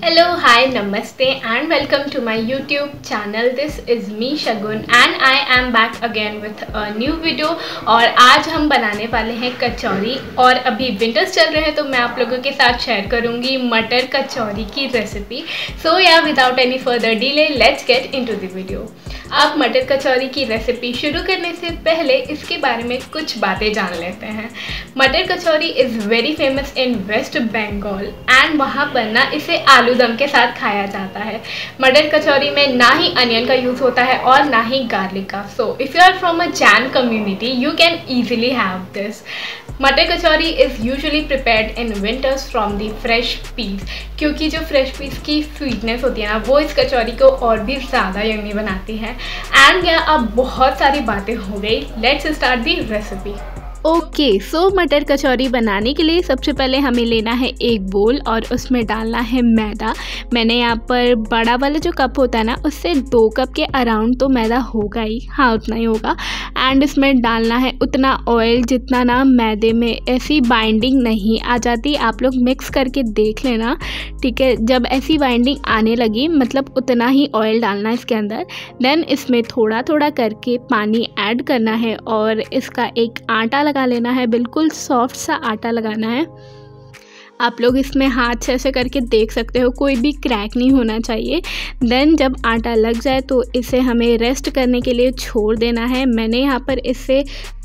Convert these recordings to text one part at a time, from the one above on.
Hello, hi, namaste and welcome to my YouTube channel. This is me Shagun and I am back again with a new video और आज हम बनाने वाले हैं कचौरी और अभी विंटर्स चल रहे हैं तो मैं आप लोगों के साथ शेयर करूँगी मटर कचौरी की recipe so yeah without any further delay let's get into the video आप मटर कचौरी की रेसिपी शुरू करने से पहले इसके बारे में कुछ बातें जान लेते हैं matar kachori is very famous in West Bengal and वहाँ पर ना इसे आलू दम के साथ खाया जाता है मटर कचौरी में ना ही अनियन का यूज़ होता है और ना ही गार्लिक का so if you are from a Jain community you can easily have this matar kachori is usually prepared in winters from the fresh peas क्योंकि जो फ्रेश पीस की स्वीटनेस होती है ना वो इस कचौरी को और भी ज़्यादा यमी बनाती है एंड यह अब बहुत सारी बातें हो गई let's start the recipe okay so matar kachori बनाने के लिए सबसे पहले हमें लेना है एक बोल और उसमें डालना है मैदा मैंने यहाँ पर बड़ा वाला जो कप होता है ना उससे दो कप के अराउंड तो मैदा होगा ही हाँ उतना ही होगा एंड इसमें डालना है उतना ऑयल जितना ना मैदे में ऐसी बाइंडिंग नहीं आ जाती आप लोग मिक्स करके देख लेना ठीक है जब ऐसी बाइंडिंग आने लगी मतलब उतना ही ऑयल डालना इसके अंदर देन इसमें थोड़ा थोड़ा करके पानी ऐड करना है और इसका एक आटा लगा लेना है बिल्कुल सॉफ्ट सा आटा लगाना है आप लोग इसमें हाथ से ऐसे करके देख सकते हो कोई भी क्रैक नहीं होना चाहिए देन जब आटा लग जाए तो इसे हमें रेस्ट करने के लिए छोड़ देना है मैंने यहाँ पर इसे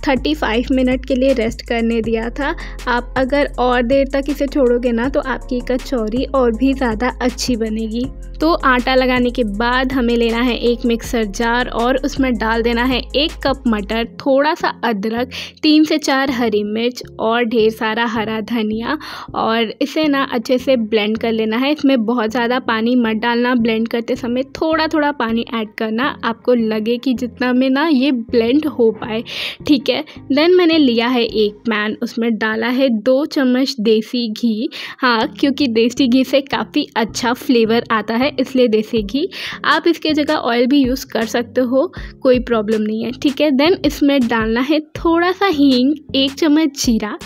35 मिनट के लिए रेस्ट करने दिया था आप अगर और देर तक इसे छोड़ोगे ना तो आपकी कचौरी और भी ज़्यादा अच्छी बनेगी तो आटा लगाने के बाद हमें लेना है एक मिक्सर जार और उसमें डाल देना है एक कप मटर थोड़ा सा अदरक तीन से चार हरी मिर्च और ढेर सारा हरा धनिया और इसे ना अच्छे से ब्लेंड कर लेना है इसमें बहुत ज़्यादा पानी मत डालना ब्लेंड करते समय थोड़ा थोड़ा पानी ऐड करना आपको लगे कि जितना में ना ये ब्लेंड हो पाए ठीक है है देन मैंने लिया है एक पैन उसमें डाला है दो चम्मच देसी घी हाँ क्योंकि देसी घी से काफ़ी अच्छा फ्लेवर आता है इसलिए देसी घी आप इसके जगह ऑयल भी यूज़ कर सकते हो कोई प्रॉब्लम नहीं है ठीक है देन इसमें डालना है थोड़ा सा हींग एक चम्मच जीरा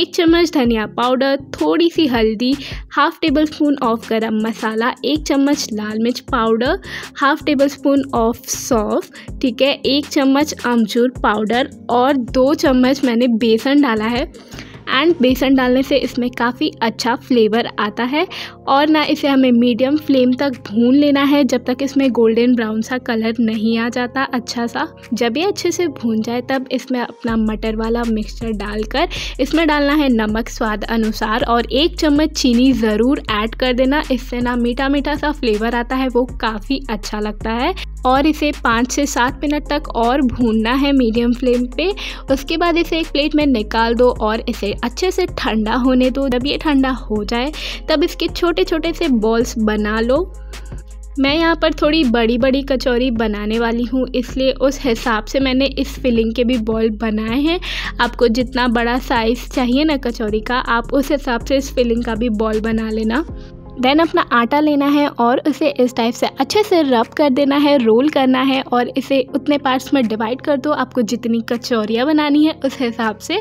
एक चम्मच धनिया पाउडर थोड़ी सी हल्दी half tablespoon of garam masala एक चम्मच लाल मिर्च powder half tablespoon of saunf ठीक है एक चम्मच अमचूर पाउडर और दो चम्मच मैंने बेसन डाला है एंड बेसन डालने से इसमें काफ़ी अच्छा फ्लेवर आता है और ना इसे हमें मीडियम फ्लेम तक भून लेना है जब तक इसमें गोल्डन ब्राउन सा कलर नहीं आ जाता अच्छा सा जब ये अच्छे से भून जाए तब इसमें अपना मटर वाला मिक्सचर डालकर इसमें डालना है नमक स्वाद अनुसार और एक चम्मच चीनी ज़रूर ऐड कर देना इससे ना मीठा मीठा सा फ्लेवर आता है वो काफ़ी अच्छा लगता है और इसे पाँच से सात मिनट तक और भूनना है मीडियम फ्लेम पे उसके बाद इसे एक प्लेट में निकाल दो और इसे अच्छे से ठंडा होने दो जब ये ठंडा हो जाए तब इसके छोटे छोटे से बॉल्स बना लो मैं यहाँ पर थोड़ी बड़ी बड़ी कचौरी बनाने वाली हूँ इसलिए उस हिसाब से मैंने इस फिलिंग के भी बॉल बनाए हैं आपको जितना बड़ा साइज़ चाहिए ना कचौरी का आप उस हिसाब से इस फिलिंग का भी बॉल बना लेना देन अपना आटा लेना है और उसे इस टाइप से अच्छे से रब कर देना है रोल करना है और इसे उतने पार्ट्स में डिवाइड कर दो आपको जितनी कचौरियाँ बनानी है उस हिसाब से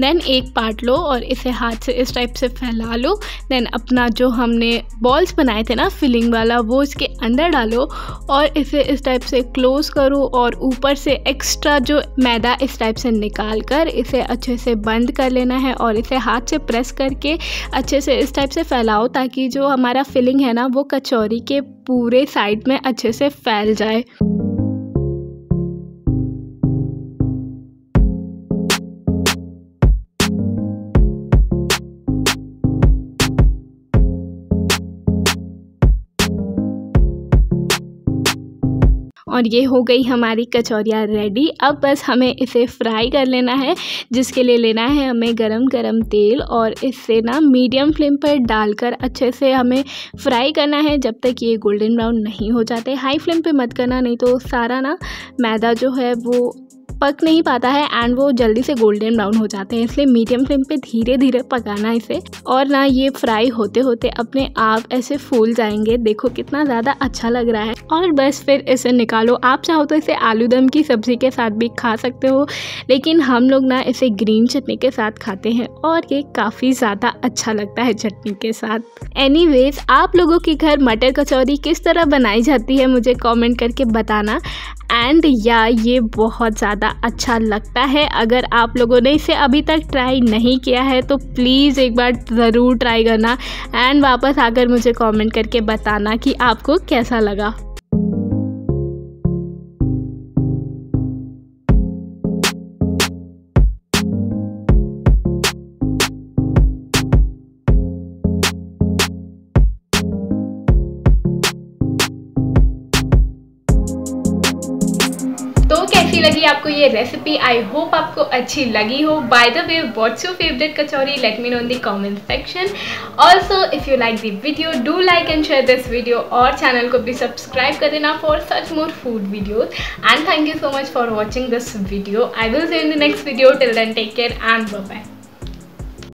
देन एक पार्ट लो और इसे हाथ से इस टाइप से फैला लो देन अपना जो हमने बॉल्स बनाए थे ना फिलिंग वाला वो इसके अंदर डालो और इसे इस टाइप से क्लोज करो और ऊपर से एक्स्ट्रा जो मैदा इस टाइप से निकाल कर इसे अच्छे से बंद कर लेना है और इसे हाथ से प्रेस करके अच्छे से इस टाइप से फैलाओ ताकि जो हमारा फिलिंग है ना वो कचौरी के पूरे साइड में अच्छे से फैल जाए और ये हो गई हमारी कचौरियाँ रेडी अब बस हमें इसे फ्राई कर लेना है जिसके लिए लेना है हमें गरम गरम तेल और इससे ना मीडियम फ्लेम पर डालकर अच्छे से हमें फ्राई करना है जब तक ये गोल्डन ब्राउन नहीं हो जाते हाई फ्लेम पे मत करना नहीं तो सारा ना मैदा जो है वो पक नहीं पाता है एंड वो जल्दी से गोल्डन ब्राउन हो जाते हैं इसलिए मीडियम फ्लेम पे धीरे धीरे पकाना इसे और ना ये फ्राई होते होते अपने आप ऐसे फूल जाएंगे देखो कितना ज़्यादा अच्छा लग रहा है और बस फिर इसे निकालो आप चाहो तो इसे आलू दम की सब्ज़ी के साथ भी खा सकते हो लेकिन हम लोग ना इसे ग्रीन चटनी के साथ खाते हैं और ये काफ़ी ज़्यादा अच्छा लगता है चटनी के साथ एनी आप लोगों के घर मटर कचौरी किस तरह बनाई जाती है मुझे कॉमेंट करके बताना एंड या ये बहुत ज़्यादा ज़्यादा अच्छा लगता है अगर आप लोगों ने इसे अभी तक ट्राई नहीं किया है तो प्लीज़ एक बार ज़रूर ट्राई करना एंड वापस आकर मुझे कमेंट करके बताना कि आपको कैसा लगा कैसी लगी आपको ये रेसिपी आई होप आपको अच्छी लगी हो by the way what's your favourite kachori let me know in the comment section also if you like the video do like and share this video और चैनल को भी सब्सक्राइब कर देना for such more food videos and thank you so much for watching this video I will see in the next video till then take care and bye